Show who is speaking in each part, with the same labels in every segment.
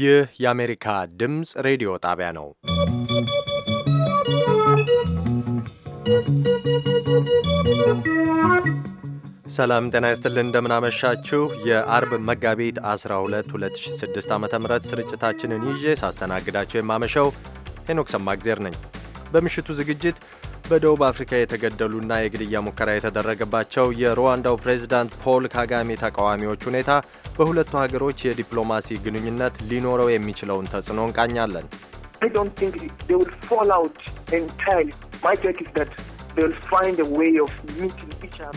Speaker 1: ይህ የአሜሪካ ድምፅ ሬዲዮ ጣቢያ ነው። ሰላም ጤና ይስጥልን፣ እንደምናመሻችሁ። የአርብ መጋቢት 12 2006 ዓ ም ስርጭታችንን ይዤ ሳስተናግዳቸው የማመሸው ሄኖክ ሰማግዜር ነኝ። በምሽቱ ዝግጅት በደቡብ አፍሪካ የተገደሉና የግድያ ሙከራ የተደረገባቸው የሩዋንዳው ፕሬዚዳንት ፖል ካጋሜ ተቃዋሚዎች ሁኔታ፣ በሁለቱ ሀገሮች የዲፕሎማሲ ግንኙነት ሊኖረው የሚችለውን ተጽዕኖ እንቃኛለን።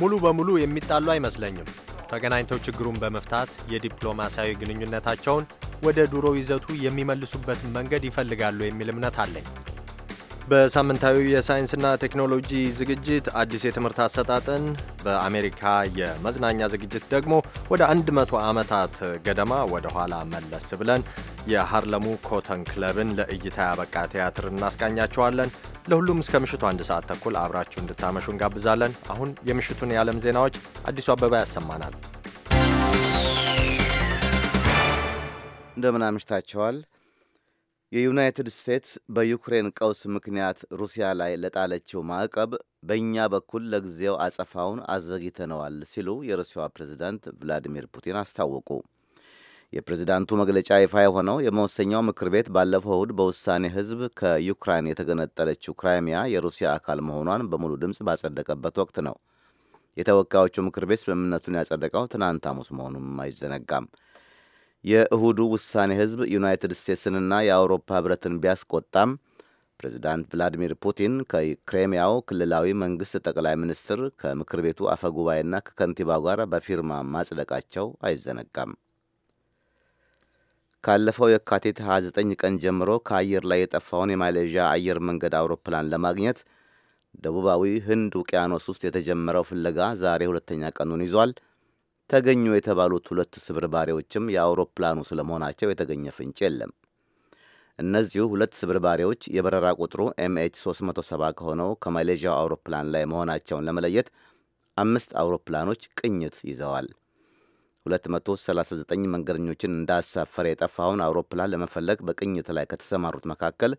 Speaker 1: ሙሉ በሙሉ የሚጣሉ አይመስለኝም። ተገናኝተው ችግሩን በመፍታት የዲፕሎማሲያዊ ግንኙነታቸውን ወደ ድሮ ይዘቱ የሚመልሱበትን መንገድ ይፈልጋሉ የሚል እምነት አለኝ። በሳምንታዊ የሳይንስና ቴክኖሎጂ ዝግጅት አዲስ የትምህርት አሰጣጥን በአሜሪካ የመዝናኛ ዝግጅት ደግሞ ወደ 100 ዓመታት ገደማ ወደ ኋላ መለስ ብለን የሃርለሙ ኮተን ክለብን ለእይታ ያበቃ ቲያትር እናስቃኛችኋለን። ለሁሉም እስከ ምሽቱ አንድ ሰዓት ተኩል አብራችሁ እንድታመሹ እንጋብዛለን። አሁን የምሽቱን
Speaker 2: የዓለም ዜናዎች አዲሱ አበባ ያሰማናል። እንደምን አምሽታችኋል። የዩናይትድ ስቴትስ በዩክሬን ቀውስ ምክንያት ሩሲያ ላይ ለጣለችው ማዕቀብ በእኛ በኩል ለጊዜው አጸፋውን አዘግይተነዋል ሲሉ የሩሲያዋ ፕሬዝዳንት ቭላዲሚር ፑቲን አስታወቁ። የፕሬዝዳንቱ መግለጫ ይፋ የሆነው የመወሰኛው ምክር ቤት ባለፈው እሁድ በውሳኔ ሕዝብ ከዩክራይን የተገነጠለችው ክራይሚያ የሩሲያ አካል መሆኗን በሙሉ ድምፅ ባጸደቀበት ወቅት ነው። የተወካዮቹ ምክር ቤት ስምምነቱን ያጸደቀው ትናንት ሐሙስ መሆኑም አይዘነጋም። የእሁዱ ውሳኔ ህዝብ ዩናይትድ ስቴትስንና የአውሮፓ ህብረትን ቢያስቆጣም ፕሬዚዳንት ቭላዲሚር ፑቲን ከክሬሚያው ክልላዊ መንግሥት ጠቅላይ ሚኒስትር ከምክር ቤቱ አፈ ጉባኤና ከከንቲባው ጋር በፊርማ ማጽደቃቸው አይዘነጋም። ካለፈው የካቲት 29 ቀን ጀምሮ ከአየር ላይ የጠፋውን የማሌዥያ አየር መንገድ አውሮፕላን ለማግኘት ደቡባዊ ህንድ ውቅያኖስ ውስጥ የተጀመረው ፍለጋ ዛሬ ሁለተኛ ቀኑን ይዟል። ተገኙ የተባሉት ሁለት ስብርባሪዎችም የአውሮፕላኑ ስለመሆናቸው የተገኘ ፍንጭ የለም። እነዚሁ ሁለት ስብርባሪዎች የበረራ ቁጥሩ ኤምኤች 370 ከሆነው ከማሌዥያው አውሮፕላን ላይ መሆናቸውን ለመለየት አምስት አውሮፕላኖች ቅኝት ይዘዋል። 239 መንገደኞችን እንዳሳፈረ የጠፋውን አውሮፕላን ለመፈለግ በቅኝት ላይ ከተሰማሩት መካከል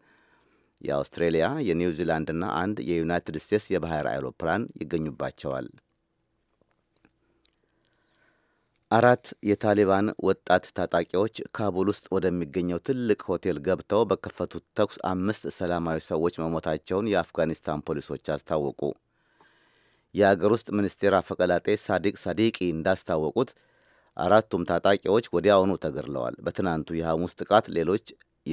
Speaker 2: የአውስትሬሊያ፣ የኒውዚላንድና አንድ የዩናይትድ ስቴትስ የባህር አውሮፕላን ይገኙባቸዋል። አራት የታሊባን ወጣት ታጣቂዎች ካቡል ውስጥ ወደሚገኘው ትልቅ ሆቴል ገብተው በከፈቱት ተኩስ አምስት ሰላማዊ ሰዎች መሞታቸውን የአፍጋኒስታን ፖሊሶች አስታወቁ። የአገር ውስጥ ሚኒስቴር አፈቀላጤ ሳዲቅ ሳዲቂ እንዳስታወቁት አራቱም ታጣቂዎች ወዲያውኑ ተገድለዋል። በትናንቱ የሐሙስ ጥቃት ሌሎች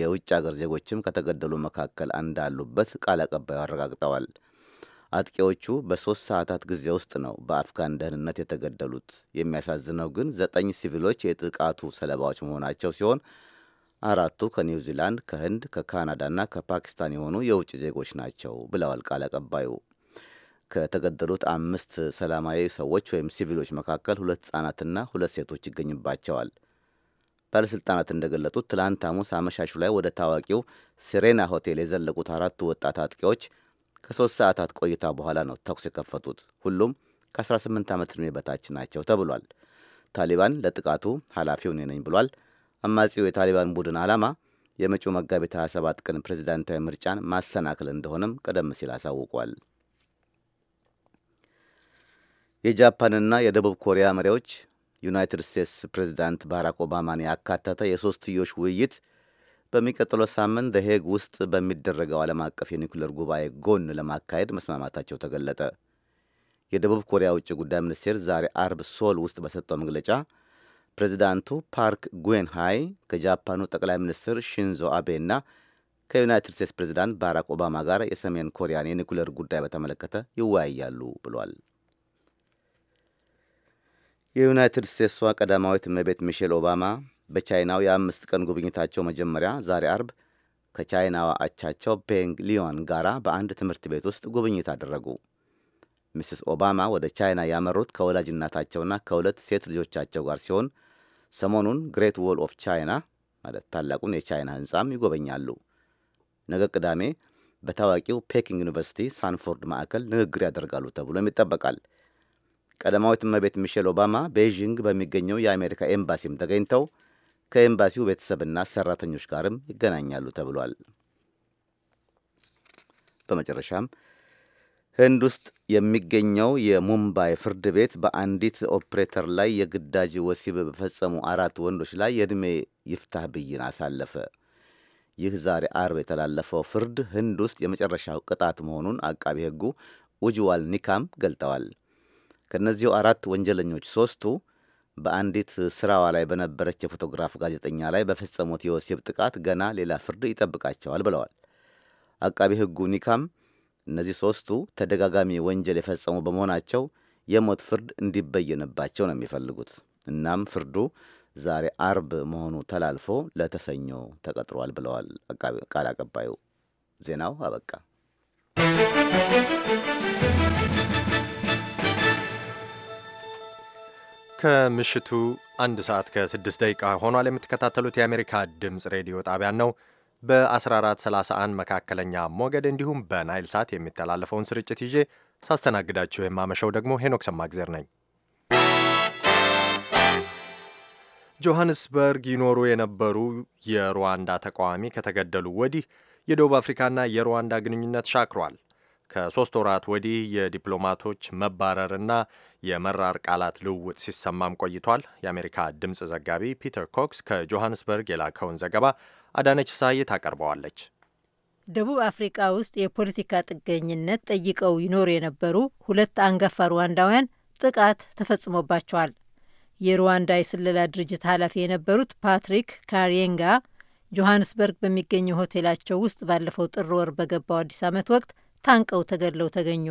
Speaker 2: የውጭ አገር ዜጎችም ከተገደሉ መካከል እንዳሉበት ቃል አቀባዩ አረጋግጠዋል። አጥቂዎቹ በሦስት ሰዓታት ጊዜ ውስጥ ነው በአፍጋን ደህንነት የተገደሉት። የሚያሳዝነው ግን ዘጠኝ ሲቪሎች የጥቃቱ ሰለባዎች መሆናቸው ሲሆን አራቱ ከኒውዚላንድ፣ ከህንድ፣ ከካናዳና ከፓኪስታን የሆኑ የውጭ ዜጎች ናቸው ብለዋል ቃል አቀባዩ። ከተገደሉት አምስት ሰላማዊ ሰዎች ወይም ሲቪሎች መካከል ሁለት ሕጻናትና ሁለት ሴቶች ይገኝባቸዋል። ባለሥልጣናት እንደገለጡት ትላንት ሐሙስ አመሻሹ ላይ ወደ ታዋቂው ሲሬና ሆቴል የዘለቁት አራቱ ወጣት አጥቂዎች ከሶስት ሰዓታት ቆይታ በኋላ ነው ተኩስ የከፈቱት። ሁሉም ከ18 ዓመት ዕድሜ በታች ናቸው ተብሏል። ታሊባን ለጥቃቱ ኃላፊው እኔ ነኝ ብሏል። አማጺው የታሊባን ቡድን ዓላማ የመጪው መጋቢት 27 ቀን ፕሬዚዳንታዊ ምርጫን ማሰናክል እንደሆነም ቀደም ሲል አሳውቋል። የጃፓንና የደቡብ ኮሪያ መሪዎች ዩናይትድ ስቴትስ ፕሬዚዳንት ባራክ ኦባማን ያካተተ የሶስትዮሽ ውይይት በሚቀጥለው ሳምንት ደሄግ ውስጥ በሚደረገው ዓለም አቀፍ የኒውክሌር ጉባኤ ጎን ለማካሄድ መስማማታቸው ተገለጠ። የደቡብ ኮሪያ ውጭ ጉዳይ ሚኒስቴር ዛሬ አርብ ሶል ውስጥ በሰጠው መግለጫ ፕሬዚዳንቱ ፓርክ ጉዌንሃይ ከጃፓኑ ጠቅላይ ሚኒስትር ሺንዞ አቤና ከዩናይትድ ስቴትስ ፕሬዚዳንት ባራክ ኦባማ ጋር የሰሜን ኮሪያን የኒውክሌር ጉዳይ በተመለከተ ይወያያሉ ብሏል። የዩናይትድ ስቴትሷ ቀዳማዊት እመቤት ሚሼል ኦባማ በቻይናው የአምስት ቀን ጉብኝታቸው መጀመሪያ ዛሬ አርብ ከቻይናዋ አቻቸው ፔንግ ሊዮን ጋር በአንድ ትምህርት ቤት ውስጥ ጉብኝት አደረጉ። ሚስስ ኦባማ ወደ ቻይና ያመሩት ከወላጅናታቸውና ከሁለት ሴት ልጆቻቸው ጋር ሲሆን ሰሞኑን ግሬት ዎል ኦፍ ቻይና ማለት ታላቁን የቻይና ሕንፃም ይጎበኛሉ። ነገ ቅዳሜ በታዋቂው ፔኪንግ ዩኒቨርሲቲ ሳንፎርድ ማዕከል ንግግር ያደርጋሉ ተብሎም ይጠበቃል። ቀዳማዊት እመቤት ሚሼል ኦባማ ቤይዥንግ በሚገኘው የአሜሪካ ኤምባሲም ተገኝተው ከኤምባሲው ቤተሰብና ሰራተኞች ጋርም ይገናኛሉ ተብሏል። በመጨረሻም ህንድ ውስጥ የሚገኘው የሙምባይ ፍርድ ቤት በአንዲት ኦፕሬተር ላይ የግዳጅ ወሲብ በፈጸሙ አራት ወንዶች ላይ የዕድሜ ይፍታህ ብይን አሳለፈ። ይህ ዛሬ አርብ የተላለፈው ፍርድ ህንድ ውስጥ የመጨረሻው ቅጣት መሆኑን አቃቢ ህጉ ኡጅዋል ኒካም ገልጠዋል። ከእነዚሁ አራት ወንጀለኞች ሶስቱ በአንዲት ስራዋ ላይ በነበረች የፎቶግራፍ ጋዜጠኛ ላይ በፈጸሙት የወሲብ ጥቃት ገና ሌላ ፍርድ ይጠብቃቸዋል ብለዋል። አቃቢ ሕጉ ኒካም እነዚህ ሦስቱ ተደጋጋሚ ወንጀል የፈጸሙ በመሆናቸው የሞት ፍርድ እንዲበየንባቸው ነው የሚፈልጉት። እናም ፍርዱ ዛሬ አርብ መሆኑ ተላልፎ ለተሰኞ ተቀጥሯል ብለዋል ቃል አቀባዩ። ዜናው አበቃ።
Speaker 1: ከምሽቱ አንድ ሰዓት ከ6 ደቂቃ ሆኗል። የምትከታተሉት የአሜሪካ ድምፅ ሬዲዮ ጣቢያን ነው። በ1431 መካከለኛ ሞገድ እንዲሁም በናይል ሳት የሚተላለፈውን ስርጭት ይዤ ሳስተናግዳችሁ የማመሸው ደግሞ ሄኖክ ሰማግዜር ነኝ። ጆሐንስበርግ ይኖሩ የነበሩ የሩዋንዳ ተቃዋሚ ከተገደሉ ወዲህ የደቡብ አፍሪካና የሩዋንዳ ግንኙነት ሻክሯል። ከሶስት ወራት ወዲህ የዲፕሎማቶች መባረርና የመራር ቃላት ልውውጥ ሲሰማም ቆይቷል። የአሜሪካ ድምፅ ዘጋቢ ፒተር ኮክስ ከጆሃንስበርግ የላከውን ዘገባ አዳነች ፍሳሐይ ታቀርበዋለች።
Speaker 3: ደቡብ አፍሪካ ውስጥ የፖለቲካ ጥገኝነት ጠይቀው ይኖሩ የነበሩ ሁለት አንጋፋ ሩዋንዳውያን ጥቃት ተፈጽሞባቸዋል። የሩዋንዳ የስለላ ድርጅት ኃላፊ የነበሩት ፓትሪክ ካሪንጋ ጆሃንስበርግ በሚገኘው ሆቴላቸው ውስጥ ባለፈው ጥር ወር በገባው አዲስ ዓመት ወቅት ታንቀው ተገድለው ተገኙ።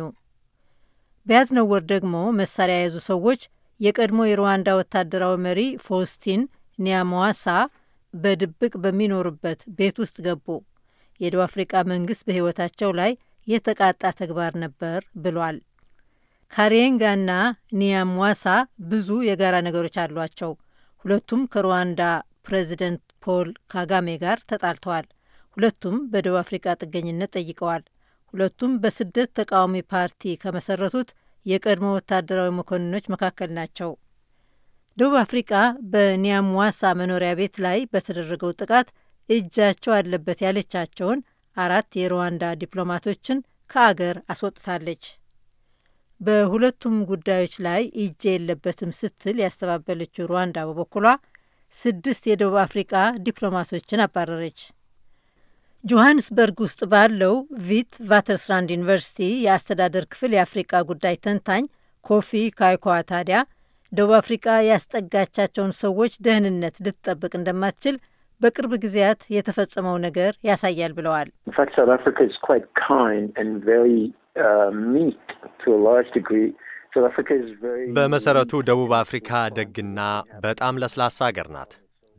Speaker 3: በያዝነው ወር ደግሞ መሳሪያ የያዙ ሰዎች የቀድሞ የሩዋንዳ ወታደራዊ መሪ ፎስቲን ኒያሞዋሳ በድብቅ በሚኖሩበት ቤት ውስጥ ገቡ። የደቡብ አፍሪቃ መንግስት በሕይወታቸው ላይ የተቃጣ ተግባር ነበር ብሏል። ካሬንጋና ኒያምዋሳ ብዙ የጋራ ነገሮች አሏቸው። ሁለቱም ከሩዋንዳ ፕሬዚደንት ፖል ካጋሜ ጋር ተጣልተዋል። ሁለቱም በደቡብ አፍሪቃ ጥገኝነት ጠይቀዋል። ሁለቱም በስደት ተቃዋሚ ፓርቲ ከመሰረቱት የቀድሞ ወታደራዊ መኮንኖች መካከል ናቸው። ደቡብ አፍሪቃ በኒያምዋሳ መኖሪያ ቤት ላይ በተደረገው ጥቃት እጃቸው አለበት ያለቻቸውን አራት የሩዋንዳ ዲፕሎማቶችን ከአገር አስወጥታለች። በሁለቱም ጉዳዮች ላይ እጄ የለበትም ስትል ያስተባበለችው ሩዋንዳ በበኩሏ ስድስት የደቡብ አፍሪቃ ዲፕሎማቶችን አባረረች። ጆሃንስበርግ ውስጥ ባለው ቪት ቫተርስራንድ ዩኒቨርሲቲ የአስተዳደር ክፍል የአፍሪቃ ጉዳይ ተንታኝ ኮፊ ካይኳ ታዲያ ደቡብ አፍሪቃ ያስጠጋቻቸውን ሰዎች ደህንነት ልትጠብቅ እንደማትችል በቅርብ ጊዜያት የተፈጸመው ነገር ያሳያል ብለዋል።
Speaker 4: uh,
Speaker 1: በመሰረቱ ደቡብ አፍሪካ ደግና በጣም ለስላሳ ሀገር ናት።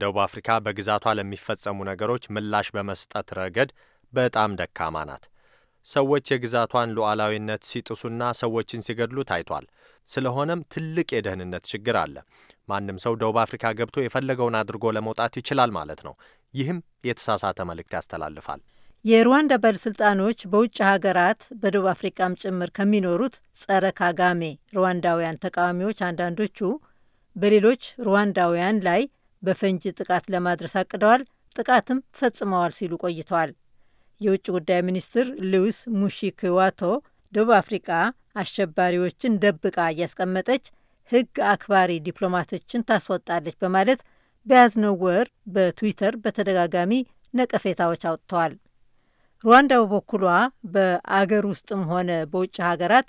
Speaker 1: ደቡብ አፍሪካ በግዛቷ ለሚፈጸሙ ነገሮች ምላሽ በመስጠት ረገድ በጣም ደካማ ናት። ሰዎች የግዛቷን ሉዓላዊነት ሲጥሱና ሰዎችን ሲገድሉ ታይቷል። ስለሆነም ትልቅ የደህንነት ችግር አለ። ማንም ሰው ደቡብ አፍሪካ ገብቶ የፈለገውን አድርጎ ለመውጣት ይችላል ማለት ነው። ይህም የተሳሳተ መልእክት ያስተላልፋል።
Speaker 3: የሩዋንዳ ባለሥልጣኖች በውጭ ሀገራት በደቡብ አፍሪቃም ጭምር ከሚኖሩት ጸረ ካጋሜ ሩዋንዳውያን ተቃዋሚዎች አንዳንዶቹ በሌሎች ሩዋንዳውያን ላይ በፈንጂ ጥቃት ለማድረስ አቅደዋል፣ ጥቃትም ፈጽመዋል ሲሉ ቆይተዋል። የውጭ ጉዳይ ሚኒስትር ሉዊስ ሙሺክዋቶ ደቡብ አፍሪቃ አሸባሪዎችን ደብቃ እያስቀመጠች ሕግ አክባሪ ዲፕሎማቶችን ታስወጣለች በማለት በያዝነው ወር በትዊተር በተደጋጋሚ ነቀፌታዎች አውጥተዋል። ሩዋንዳ በበኩሏ በአገር ውስጥም ሆነ በውጭ ሀገራት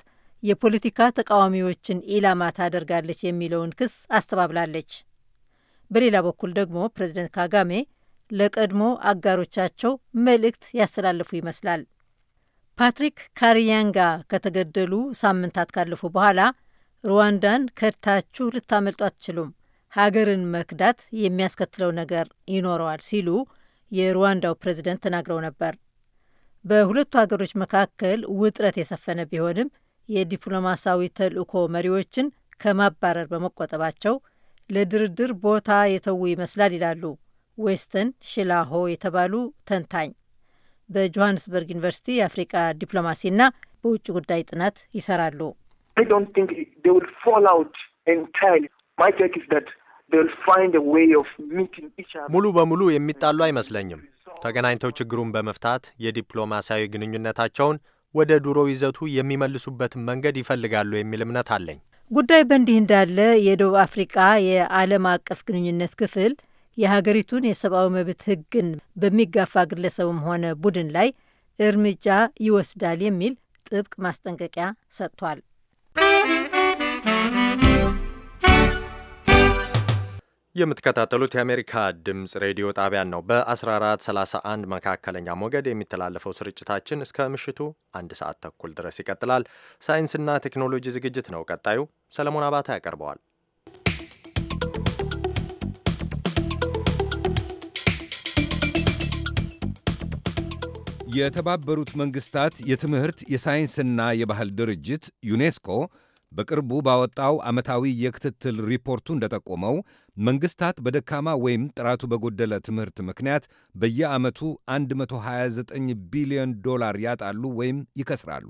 Speaker 3: የፖለቲካ ተቃዋሚዎችን ኢላማ ታደርጋለች የሚለውን ክስ አስተባብላለች። በሌላ በኩል ደግሞ ፕሬዚደንት ካጋሜ ለቀድሞ አጋሮቻቸው መልእክት ያስተላልፉ ይመስላል። ፓትሪክ ካሪያንጋ ከተገደሉ ሳምንታት ካለፉ በኋላ ሩዋንዳን ከድታችሁ ልታመልጡ አትችሉም፣ ሀገርን መክዳት የሚያስከትለው ነገር ይኖረዋል ሲሉ የሩዋንዳው ፕሬዚደንት ተናግረው ነበር። በሁለቱ ሀገሮች መካከል ውጥረት የሰፈነ ቢሆንም የዲፕሎማሲያዊ ተልእኮ መሪዎችን ከማባረር በመቆጠባቸው ለድርድር ቦታ የተዉ ይመስላል ይላሉ ዌስተን ሽላሆ የተባሉ ተንታኝ። በጆሃንስበርግ ዩኒቨርሲቲ የአፍሪቃ ዲፕሎማሲና በውጭ ጉዳይ ጥናት ይሰራሉ።
Speaker 4: ሙሉ
Speaker 1: በሙሉ የሚጣሉ አይመስለኝም። ተገናኝተው ችግሩን በመፍታት የዲፕሎማሲያዊ ግንኙነታቸውን ወደ ድሮ ይዘቱ የሚመልሱበትን መንገድ ይፈልጋሉ የሚል እምነት አለኝ።
Speaker 3: ጉዳይ በእንዲህ እንዳለ የደቡብ አፍሪቃ የዓለም አቀፍ ግንኙነት ክፍል የሀገሪቱን የሰብአዊ መብት ሕግን በሚጋፋ ግለሰብም ሆነ ቡድን ላይ እርምጃ ይወስዳል የሚል ጥብቅ ማስጠንቀቂያ ሰጥቷል።
Speaker 1: የምትከታተሉት የአሜሪካ ድምፅ ሬዲዮ ጣቢያን ነው። በ1431 መካከለኛ ሞገድ የሚተላለፈው ስርጭታችን እስከ ምሽቱ አንድ ሰዓት ተኩል ድረስ ይቀጥላል። ሳይንስና ቴክኖሎጂ ዝግጅት ነው ቀጣዩ። ሰለሞን አባታ ያቀርበዋል።
Speaker 5: የተባበሩት መንግስታት የትምህርት የሳይንስና የባህል ድርጅት ዩኔስኮ በቅርቡ ባወጣው ዓመታዊ የክትትል ሪፖርቱ እንደጠቆመው መንግስታት በደካማ ወይም ጥራቱ በጎደለ ትምህርት ምክንያት በየዓመቱ 129 ቢሊዮን ዶላር ያጣሉ ወይም ይከስራሉ።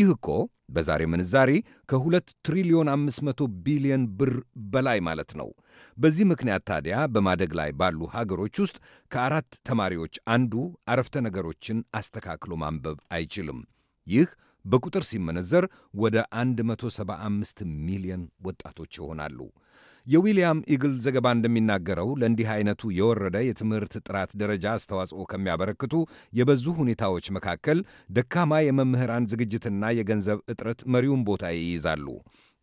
Speaker 5: ይህ እኮ በዛሬ ምንዛሪ ከ2 ትሪሊዮን 500 ቢሊዮን ብር በላይ ማለት ነው። በዚህ ምክንያት ታዲያ በማደግ ላይ ባሉ ሀገሮች ውስጥ ከአራት ተማሪዎች አንዱ አረፍተ ነገሮችን አስተካክሎ ማንበብ አይችልም። ይህ በቁጥር ሲመነዘር ወደ 175 ሚሊዮን ወጣቶች ይሆናሉ። የዊልያም ኢግል ዘገባ እንደሚናገረው ለእንዲህ አይነቱ የወረደ የትምህርት ጥራት ደረጃ አስተዋጽኦ ከሚያበረክቱ የበዙ ሁኔታዎች መካከል ደካማ የመምህራን ዝግጅትና የገንዘብ እጥረት መሪውን ቦታ ይይዛሉ።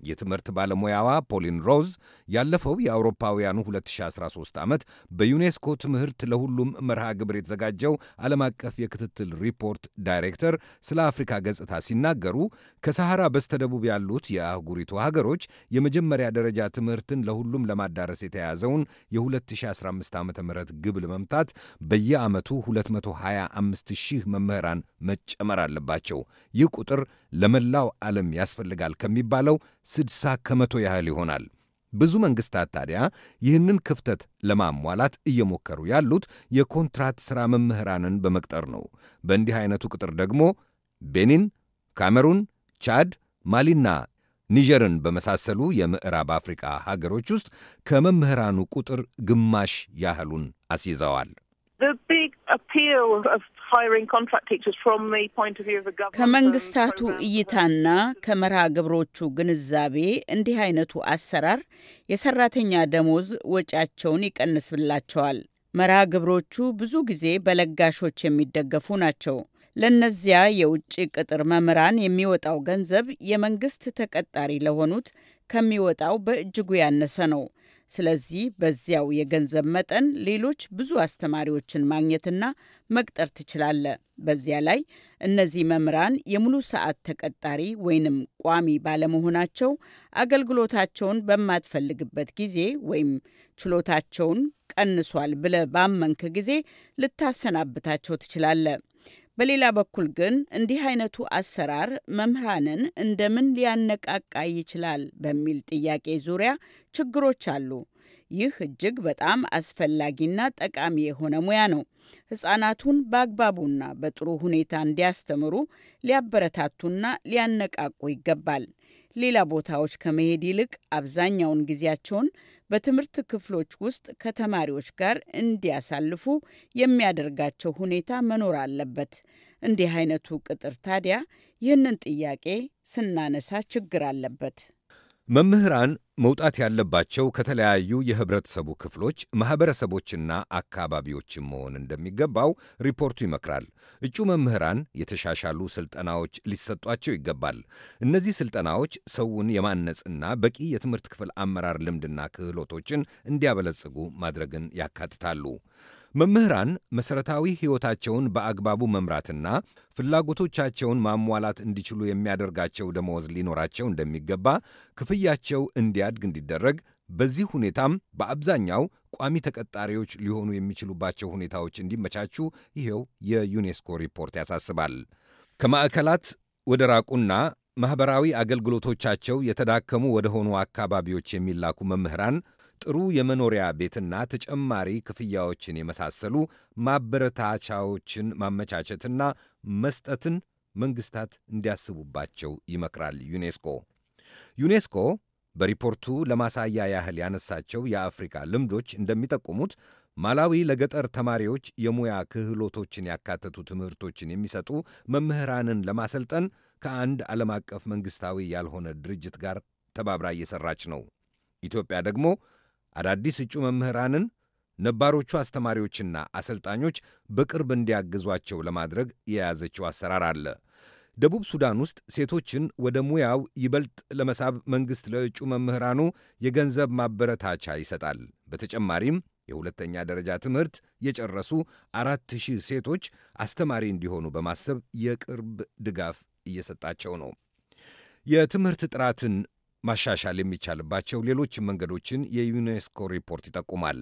Speaker 5: የትምህርት ባለሙያዋ ፖሊን ሮዝ ያለፈው የአውሮፓውያኑ 2013 ዓመት በዩኔስኮ ትምህርት ለሁሉም መርሃ ግብር የተዘጋጀው ዓለም አቀፍ የክትትል ሪፖርት ዳይሬክተር ስለ አፍሪካ ገጽታ ሲናገሩ ከሰሐራ በስተደቡብ ያሉት የአህጉሪቱ ሀገሮች የመጀመሪያ ደረጃ ትምህርትን ለሁሉም ለማዳረስ የተያዘውን የ2015 ዓ ም ግብ ለመምታት በየዓመቱ 225 ሺህ መምህራን መጨመር አለባቸው። ይህ ቁጥር ለመላው ዓለም ያስፈልጋል ከሚባለው 60 ከመቶ ያህል ይሆናል። ብዙ መንግስታት ታዲያ ይህንን ክፍተት ለማሟላት እየሞከሩ ያሉት የኮንትራት ሥራ መምህራንን በመቅጠር ነው። በእንዲህ አይነቱ ቅጥር ደግሞ ቤኒን፣ ካሜሩን፣ ቻድ፣ ማሊና ኒጀርን በመሳሰሉ የምዕራብ አፍሪቃ ሀገሮች ውስጥ ከመምህራኑ ቁጥር ግማሽ ያህሉን አስይዘዋል።
Speaker 6: ከመንግስታቱ እይታና ከመርሃ ግብሮቹ ግንዛቤ እንዲህ አይነቱ አሰራር የሰራተኛ ደሞዝ ወጪያቸውን ይቀንስላቸዋል። መርሃ ግብሮቹ ብዙ ጊዜ በለጋሾች የሚደገፉ ናቸው። ለእነዚያ የውጭ ቅጥር መምህራን የሚወጣው ገንዘብ የመንግስት ተቀጣሪ ለሆኑት ከሚወጣው በእጅጉ ያነሰ ነው። ስለዚህ በዚያው የገንዘብ መጠን ሌሎች ብዙ አስተማሪዎችን ማግኘትና መቅጠር ትችላለ። በዚያ ላይ እነዚህ መምህራን የሙሉ ሰዓት ተቀጣሪ ወይንም ቋሚ ባለመሆናቸው አገልግሎታቸውን በማትፈልግበት ጊዜ ወይም ችሎታቸውን ቀንሷል ብለ ባመንክ ጊዜ ልታሰናብታቸው ትችላለ። በሌላ በኩል ግን እንዲህ አይነቱ አሰራር መምህራንን እንደምን ሊያነቃቃ ይችላል በሚል ጥያቄ ዙሪያ ችግሮች አሉ። ይህ እጅግ በጣም አስፈላጊና ጠቃሚ የሆነ ሙያ ነው። ሕፃናቱን በአግባቡና በጥሩ ሁኔታ እንዲያስተምሩ ሊያበረታቱና ሊያነቃቁ ይገባል። ሌላ ቦታዎች ከመሄድ ይልቅ አብዛኛውን ጊዜያቸውን በትምህርት ክፍሎች ውስጥ ከተማሪዎች ጋር እንዲያሳልፉ የሚያደርጋቸው ሁኔታ መኖር አለበት። እንዲህ አይነቱ ቅጥር ታዲያ ይህንን ጥያቄ ስናነሳ ችግር አለበት።
Speaker 5: መምህራን መውጣት ያለባቸው ከተለያዩ የህብረተሰቡ ክፍሎች ማኅበረሰቦችና አካባቢዎችን መሆን እንደሚገባው ሪፖርቱ ይመክራል። እጩ መምህራን የተሻሻሉ ስልጠናዎች ሊሰጧቸው ይገባል። እነዚህ ስልጠናዎች ሰውን የማነጽና በቂ የትምህርት ክፍል አመራር ልምድና ክህሎቶችን እንዲያበለጽጉ ማድረግን ያካትታሉ። መምህራን መሠረታዊ ሕይወታቸውን በአግባቡ መምራትና ፍላጎቶቻቸውን ማሟላት እንዲችሉ የሚያደርጋቸው ደመወዝ ሊኖራቸው እንደሚገባ፣ ክፍያቸው እንዲያድግ እንዲደረግ፣ በዚህ ሁኔታም በአብዛኛው ቋሚ ተቀጣሪዎች ሊሆኑ የሚችሉባቸው ሁኔታዎች እንዲመቻቹ ይኸው የዩኔስኮ ሪፖርት ያሳስባል። ከማዕከላት ወደ ራቁና ማኅበራዊ አገልግሎቶቻቸው የተዳከሙ ወደ ሆኑ አካባቢዎች የሚላኩ መምህራን ጥሩ የመኖሪያ ቤትና ተጨማሪ ክፍያዎችን የመሳሰሉ ማበረታቻዎችን ማመቻቸትና መስጠትን መንግስታት እንዲያስቡባቸው ይመክራል ዩኔስኮ። ዩኔስኮ በሪፖርቱ ለማሳያ ያህል ያነሳቸው የአፍሪካ ልምዶች እንደሚጠቁሙት ማላዊ ለገጠር ተማሪዎች የሙያ ክህሎቶችን ያካተቱ ትምህርቶችን የሚሰጡ መምህራንን ለማሰልጠን ከአንድ ዓለም አቀፍ መንግሥታዊ ያልሆነ ድርጅት ጋር ተባብራ እየሠራች ነው። ኢትዮጵያ ደግሞ አዳዲስ እጩ መምህራንን ነባሮቹ አስተማሪዎችና አሰልጣኞች በቅርብ እንዲያግዟቸው ለማድረግ የያዘችው አሰራር አለ። ደቡብ ሱዳን ውስጥ ሴቶችን ወደ ሙያው ይበልጥ ለመሳብ መንግሥት ለእጩ መምህራኑ የገንዘብ ማበረታቻ ይሰጣል። በተጨማሪም የሁለተኛ ደረጃ ትምህርት የጨረሱ አራት ሺህ ሴቶች አስተማሪ እንዲሆኑ በማሰብ የቅርብ ድጋፍ እየሰጣቸው ነው። የትምህርት ጥራትን ማሻሻል የሚቻልባቸው ሌሎች መንገዶችን የዩኔስኮ ሪፖርት ይጠቁማል።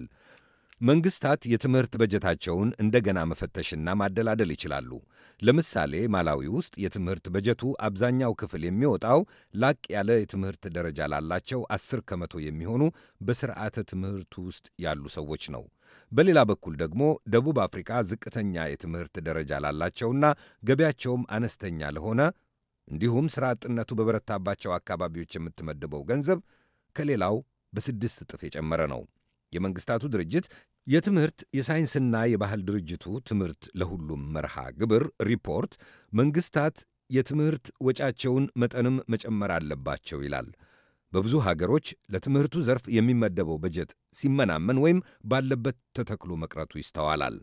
Speaker 5: መንግስታት የትምህርት በጀታቸውን እንደገና መፈተሽና ማደላደል ይችላሉ። ለምሳሌ ማላዊ ውስጥ የትምህርት በጀቱ አብዛኛው ክፍል የሚወጣው ላቅ ያለ የትምህርት ደረጃ ላላቸው አስር ከመቶ የሚሆኑ በስርዓተ ትምህርት ውስጥ ያሉ ሰዎች ነው። በሌላ በኩል ደግሞ ደቡብ አፍሪካ ዝቅተኛ የትምህርት ደረጃ ላላቸውና ገቢያቸውም አነስተኛ ለሆነ እንዲሁም ሥራ አጥነቱ በበረታባቸው አካባቢዎች የምትመድበው ገንዘብ ከሌላው በስድስት እጥፍ የጨመረ ነው። የመንግሥታቱ ድርጅት የትምህርት የሳይንስና የባህል ድርጅቱ ትምህርት ለሁሉም መርሃ ግብር ሪፖርት መንግሥታት የትምህርት ወጫቸውን መጠንም መጨመር አለባቸው ይላል። በብዙ ሀገሮች ለትምህርቱ ዘርፍ የሚመደበው በጀት ሲመናመን ወይም ባለበት ተተክሎ መቅረቱ ይስተዋላል።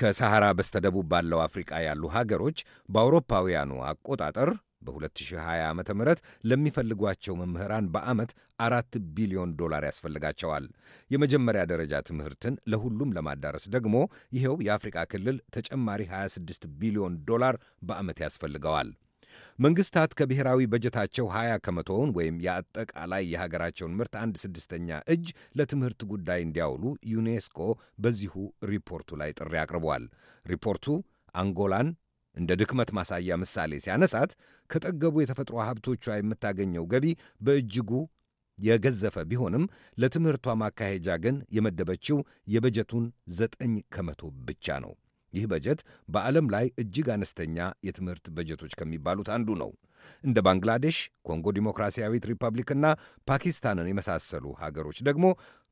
Speaker 5: ከሰሐራ በስተደቡብ ባለው አፍሪቃ ያሉ ሀገሮች በአውሮፓውያኑ አቆጣጠር በ2020 ዓ ም ለሚፈልጓቸው መምህራን በዓመት አራት ቢሊዮን ዶላር ያስፈልጋቸዋል። የመጀመሪያ ደረጃ ትምህርትን ለሁሉም ለማዳረስ ደግሞ ይኸው የአፍሪቃ ክልል ተጨማሪ 26 ቢሊዮን ዶላር በዓመት ያስፈልገዋል። መንግስታት ከብሔራዊ በጀታቸው 20 ከመቶውን ወይም የአጠቃላይ የሀገራቸውን ምርት አንድ ስድስተኛ እጅ ለትምህርት ጉዳይ እንዲያውሉ ዩኔስኮ በዚሁ ሪፖርቱ ላይ ጥሪ አቅርቧል። ሪፖርቱ አንጎላን እንደ ድክመት ማሳያ ምሳሌ ሲያነሳት ከጠገቡ የተፈጥሮ ሀብቶቿ የምታገኘው ገቢ በእጅጉ የገዘፈ ቢሆንም ለትምህርቷ ማካሄጃ ግን የመደበችው የበጀቱን ዘጠኝ ከመቶ ብቻ ነው። ይህ በጀት በዓለም ላይ እጅግ አነስተኛ የትምህርት በጀቶች ከሚባሉት አንዱ ነው። እንደ ባንግላዴሽ፣ ኮንጎ ዲሞክራሲያዊት ሪፐብሊክና ፓኪስታንን የመሳሰሉ ሀገሮች ደግሞ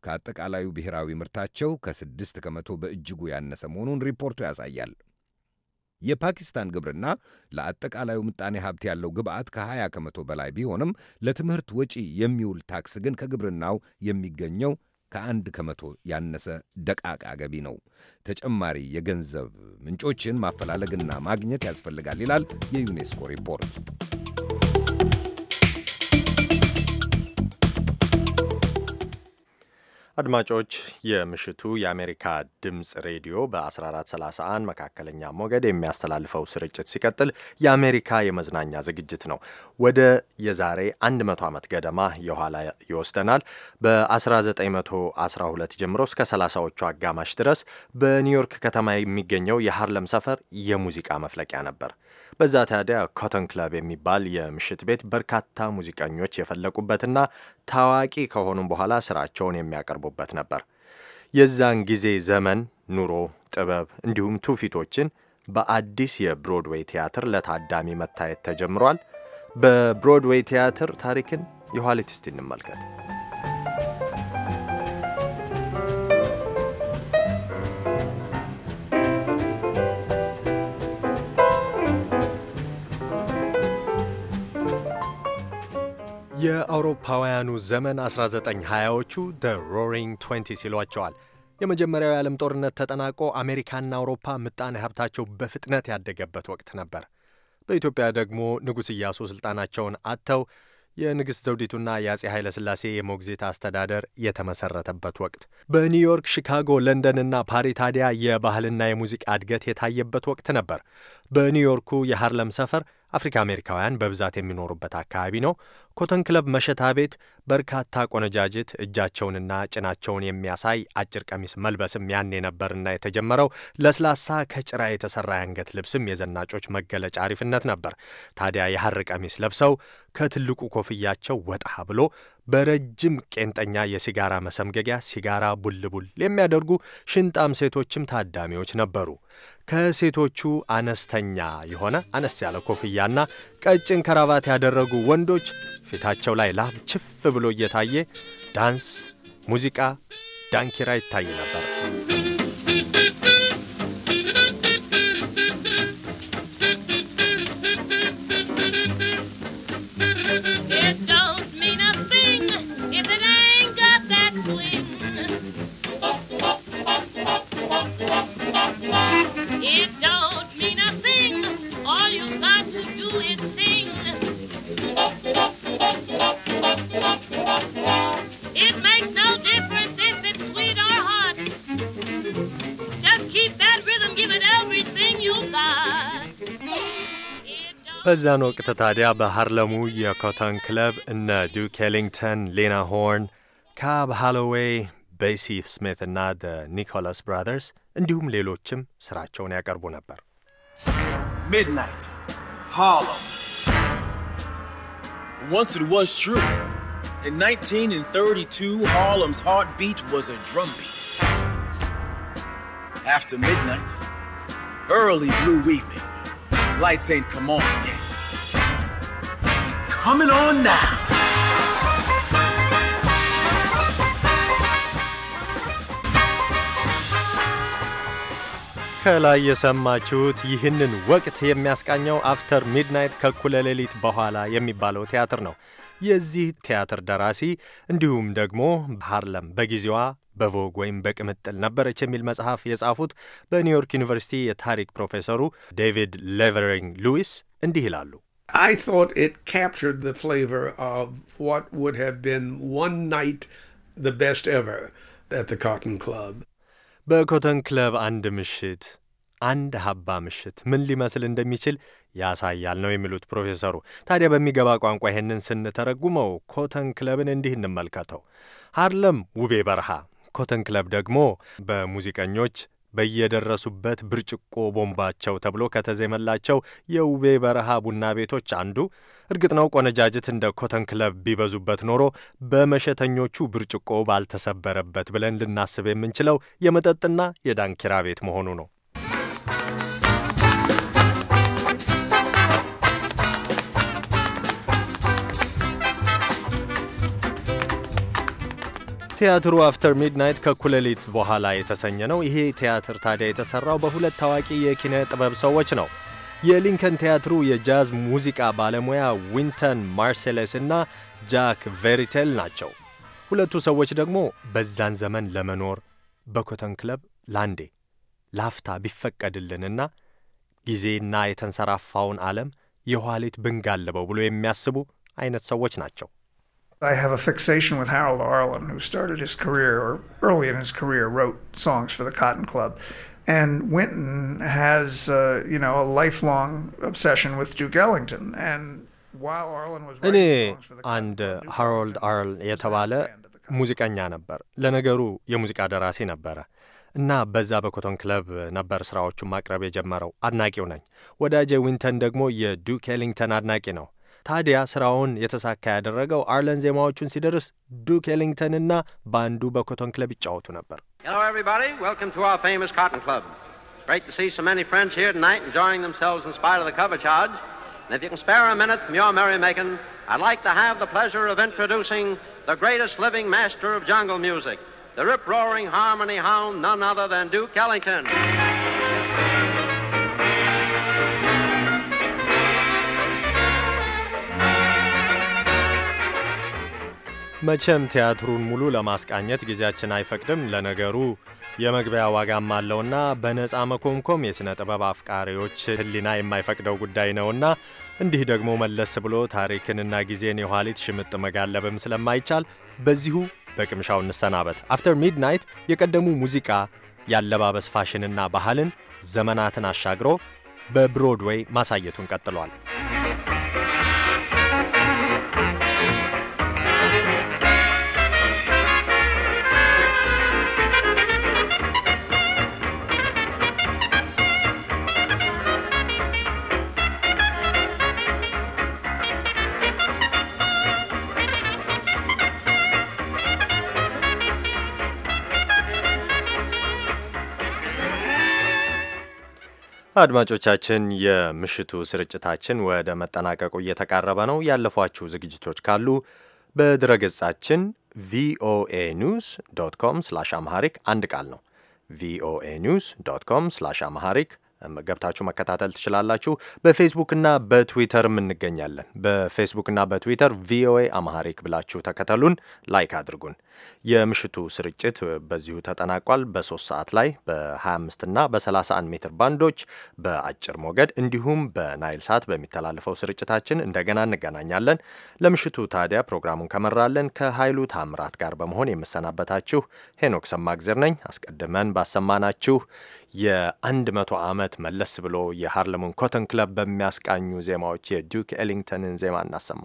Speaker 5: ከአጠቃላዩ ብሔራዊ ምርታቸው ከስድስት ከመቶ በእጅጉ ያነሰ መሆኑን ሪፖርቱ ያሳያል። የፓኪስታን ግብርና ለአጠቃላዩ ምጣኔ ሀብት ያለው ግብአት ከ20 ከመቶ በላይ ቢሆንም ለትምህርት ወጪ የሚውል ታክስ ግን ከግብርናው የሚገኘው ከአንድ ከመቶ ያነሰ ደቃቃ ገቢ ነው። ተጨማሪ የገንዘብ ምንጮችን ማፈላለግና ማግኘት ያስፈልጋል ይላል የዩኔስኮ
Speaker 1: ሪፖርት። አድማጮች የምሽቱ የአሜሪካ ድምፅ ሬዲዮ በ1431 መካከለኛ ሞገድ የሚያስተላልፈው ስርጭት ሲቀጥል የአሜሪካ የመዝናኛ ዝግጅት ነው። ወደ የዛሬ 100 ዓመት ገደማ የኋላ ይወስደናል። በ1912 ጀምሮ እስከ 30ዎቹ አጋማሽ ድረስ በኒውዮርክ ከተማ የሚገኘው የሃርለም ሰፈር የሙዚቃ መፍለቂያ ነበር። በዛ ታዲያ ኮተን ክለብ የሚባል የምሽት ቤት በርካታ ሙዚቀኞች የፈለቁበትና ታዋቂ ከሆኑም በኋላ ስራቸውን የሚያቀርቡበት ነበር። የዛን ጊዜ ዘመን ኑሮ፣ ጥበብ እንዲሁም ትውፊቶችን በአዲስ የብሮድዌይ ቲያትር ለታዳሚ መታየት ተጀምሯል። በብሮድዌይ ቲያትር ታሪክን የኋሊት እስቲ እንመልከት። በአውሮፓውያኑ ዘመን 1920ዎቹ ደ ሮሪንግ 20 ሲሏቸዋል። የመጀመሪያው የዓለም ጦርነት ተጠናቆ አሜሪካና አውሮፓ ምጣኔ ሀብታቸው በፍጥነት ያደገበት ወቅት ነበር። በኢትዮጵያ ደግሞ ንጉሥ ኢያሱ ሥልጣናቸውን አጥተው የንግሥት ዘውዲቱና የአጼ ኃይለ ሥላሴ የሞግዚት አስተዳደር የተመሠረተበት ወቅት፣ በኒውዮርክ፣ ሺካጎ፣ ለንደንና ፓሪ ታዲያ የባህልና የሙዚቃ እድገት የታየበት ወቅት ነበር። በኒውዮርኩ የሐርለም ሰፈር አፍሪካ አሜሪካውያን በብዛት የሚኖሩበት አካባቢ ነው። ኮተን ክለብ መሸታ ቤት በርካታ ቆነጃጅት እጃቸውንና ጭናቸውን የሚያሳይ አጭር ቀሚስ መልበስም ያኔ ነበርና የተጀመረው። ለስላሳ ከጭራ የተሰራ የአንገት ልብስም የዘናጮች መገለጫ አሪፍነት ነበር። ታዲያ የሐር ቀሚስ ለብሰው ከትልቁ ኮፍያቸው ወጣ ብሎ በረጅም ቄንጠኛ የሲጋራ መሰምገጊያ ሲጋራ ቡልቡል የሚያደርጉ ሽንጣም ሴቶችም ታዳሚዎች ነበሩ። ከሴቶቹ አነስተኛ የሆነ አነስ ያለ ኮፍያና ቀጭን ከራባት ያደረጉ ወንዶች ፊታቸው ላይ ላብ ችፍ ብሎ እየታየ ዳንስ፣ ሙዚቃ፣ ዳንኪራ ይታይ ነበር።
Speaker 7: It don't mean a thing. All you got to do is sing. It makes no difference if it's sweet or hot. Just keep that rhythm, give it everything you've got.
Speaker 1: በዛን ወቅት ታዲያ በሃርለሙ የኮተን ክለብ እነ ዱክ ኤሊንግተን፣ ሊና ሆርን፣ ካብ ሃሎዌይ፣ ቤሲ ስሚት እና ደ ኒኮላስ ብራደርስ እንዲሁም ሌሎችም ያቀርቡ ነበር።
Speaker 4: ሚድናይት ሃርለም Once it was true. In 1932, Harlem's heartbeat was a drumbeat. After midnight, early blue evening, lights ain't come on yet. Coming on now.
Speaker 1: ከላይ የሰማችሁት ይህንን ወቅት የሚያስቃኘው አፍተር ሚድናይት ከእኩለ ሌሊት በኋላ የሚባለው ቲያትር ነው። የዚህ ቲያትር ደራሲ እንዲሁም ደግሞ ሃርለም በጊዜዋ በቮግ ወይም በቅምጥል ነበረች የሚል መጽሐፍ የጻፉት በኒውዮርክ ዩኒቨርሲቲ የታሪክ ፕሮፌሰሩ ዴቪድ ሌቨሪንግ ሉዊስ እንዲህ ይላሉ።
Speaker 4: I thought it captured the flavor of what would have been one
Speaker 1: night the best ever at the Cotton Club. በኮተን ክለብ አንድ ምሽት አንድ ሀባ ምሽት ምን ሊመስል እንደሚችል ያሳያል ነው የሚሉት ፕሮፌሰሩ። ታዲያ በሚገባ ቋንቋ ይህንን ስንተረጉመው ኮተን ክለብን እንዲህ እንመልከተው። ሃርለም ውቤ በረሃ፣ ኮተን ክለብ ደግሞ በሙዚቀኞች በየደረሱበት ብርጭቆ ቦምባቸው ተብሎ ከተዜመላቸው የውቤ በረሃ ቡና ቤቶች አንዱ። እርግጥ ነው ቆነጃጅት እንደ ኮተን ክለብ ቢበዙበት ኖሮ በመሸተኞቹ ብርጭቆ ባልተሰበረበት ብለን ልናስብ የምንችለው የመጠጥና የዳንኪራ ቤት መሆኑ ነው። ቲያትሩ አፍተር ሚድናይት ከኩለሊት በኋላ የተሰኘ ነው። ይሄ ቲያትር ታዲያ የተሰራው በሁለት ታዋቂ የኪነ ጥበብ ሰዎች ነው። የሊንከን ቲያትሩ የጃዝ ሙዚቃ ባለሙያ ዊንተን ማርሴለስ እና ጃክ ቬሪቴል ናቸው። ሁለቱ ሰዎች ደግሞ በዛን ዘመን ለመኖር በኮተን ክለብ ላንዴ ላፍታ ቢፈቀድልንና ጊዜና የተንሰራፋውን ዓለም የኋሊት ብንጋለበው ብሎ የሚያስቡ አይነት ሰዎች ናቸው።
Speaker 4: I have a fixation with Harold Arlen, who started his career or early in his career wrote songs for the Cotton Club. And Winton has, uh, you know, a lifelong obsession with Duke Ellington. And while Arlen
Speaker 1: was እኔ አንድ ሃሮልድ አርል የተባለ ሙዚቀኛ ነበር። ለነገሩ የሙዚቃ ደራሲ ነበረ እና በዛ በኮተን ክለብ ነበር ስራዎቹን ማቅረብ የጀመረው። አድናቂው ነኝ። ወዳጄ ዊንተን ደግሞ የዱክ ኤሊንግተን አድናቂ ነው። Hello, everybody. Welcome to to our famous Cotton Club. Great see so many friends here tonight, enjoying themselves ታዲያ ስራውን የተሳካ ያደረገው አርለን ዜማዎቹን ሲደርስ ዱክ ኤሊንግተንና ባንዱ በኮተን ክለብ ይጫወቱ ነበር። I'd like to have the pleasure of introducing the greatest living master of jungle music, the rip-roaring harmony hound, none other than Duke Ellington. መቼም ቲያትሩን ሙሉ ለማስቃኘት ጊዜያችን አይፈቅድም። ለነገሩ የመግቢያ ዋጋም አለውና በነፃ መኮምኮም የሥነ ጥበብ አፍቃሪዎች ሕሊና የማይፈቅደው ጉዳይ ነውና እንዲህ ደግሞ መለስ ብሎ ታሪክንና ጊዜን የኋሊት ሽምጥ መጋለብም ስለማይቻል በዚሁ በቅምሻው እንሰናበት። አፍተር ሚድናይት የቀደሙ ሙዚቃ፣ ያለባበስ ፋሽንና ባህልን ዘመናትን አሻግሮ በብሮድዌይ ማሳየቱን ቀጥሏል። አድማጮቻችን የምሽቱ ስርጭታችን ወደ መጠናቀቁ እየተቃረበ ነው። ያለፏችሁ ዝግጅቶች ካሉ በድረገጻችን ቪኦኤ ኒውስ ዶት ኮም ስላሽ አምሃሪክ አንድ ቃል ነው። ቪኦኤ ኒውስ ዶት ኮም ስላሽ አምሃሪክ ገብታችሁ መከታተል ትችላላችሁ። በፌስቡክና በትዊተርም እንገኛለን። በፌስቡክና በትዊተር ቪኦኤ አምሃሪክ ብላችሁ ተከተሉን፣ ላይክ አድርጉን። የምሽቱ ስርጭት በዚሁ ተጠናቋል። በሶስት ሰዓት ላይ በ25 እና በ31 ሜትር ባንዶች በአጭር ሞገድ እንዲሁም በናይል ሳት በሚተላለፈው ስርጭታችን እንደገና እንገናኛለን። ለምሽቱ ታዲያ ፕሮግራሙን ከመራለን ከኃይሉ ታምራት ጋር በመሆን የምሰናበታችሁ ሄኖክ ሰማግዜር ነኝ። አስቀድመን ባሰማናችሁ የ መቶ ዓመት መለስ ብሎ የሃርለሙን ኮተን ክለብ በሚያስቃኙ ዜማዎች የዱክ ኤሊንግተንን ዜማ እናሰማ።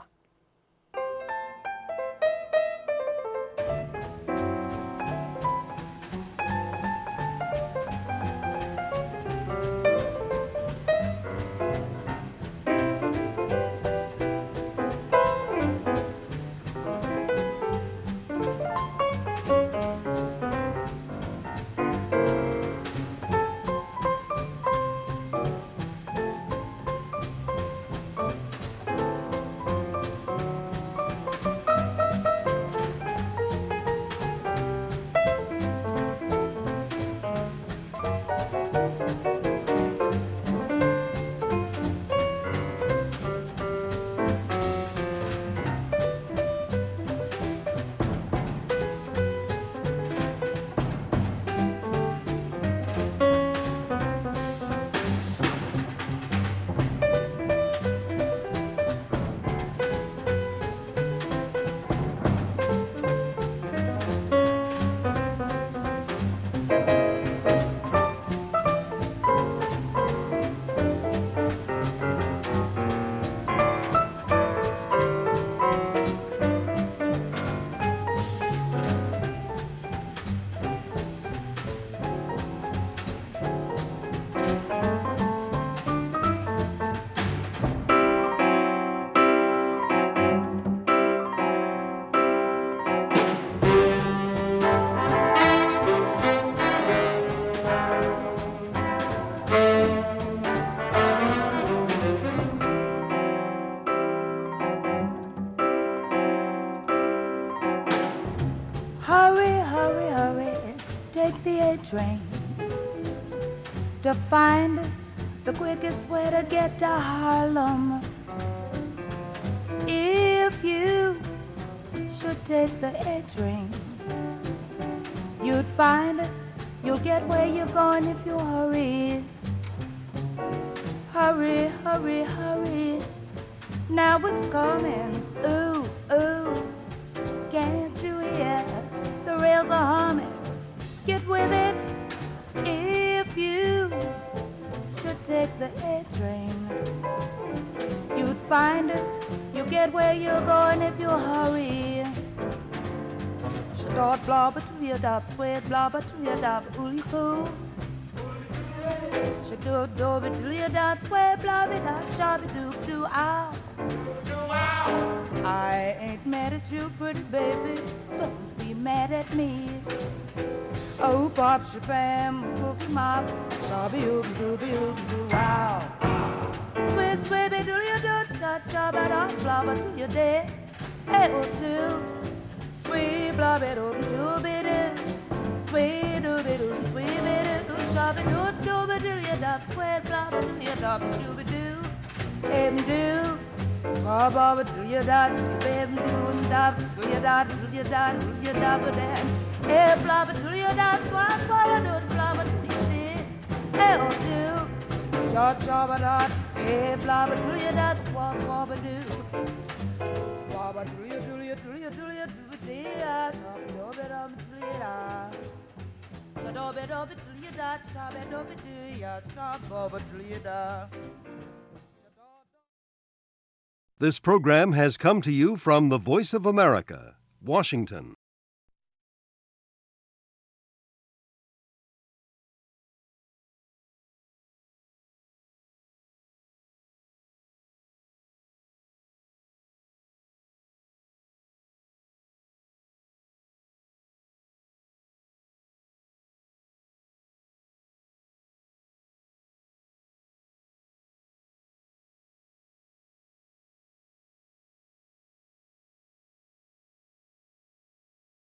Speaker 7: get to Harlem, if you should take the A train. train. You'd find it, you get where you're going if you hurry. She dort blobber to your dub, sweat blobber to your dub, ooly coo. She do dobe to your dub, sweat blobby dub, shabby doop doo ow. I ain't mad at you, pretty baby. Don't be mad at me. Oh, pop, shabam, cookie mop, shabby oob, dooby oob, doo wow this way, baby, do you do cha cha, but I'm flower to your day. Hey, oh, too. Sweet blobby, do to be Sweet do be do, sweet be do, shabby do, do be do, you dub, sweet blobby, do you dub, do be do. Hey, me do. Swab over to your dad, sweet baby, do and dub, do your dad, do your dad, do your dub, then. Hey, blobby, do your dad, swab, swab, do, blobby, do your day. Hey, oh, too. Short, short, but hot. Hey, do ya, that's what swabba do. do ya, do ya, do ya, do ya, do ya, do ya, do ya, do ya, do ya, do ya, do ya, do ya, do
Speaker 5: This program has come to you from the Voice of America, Washington.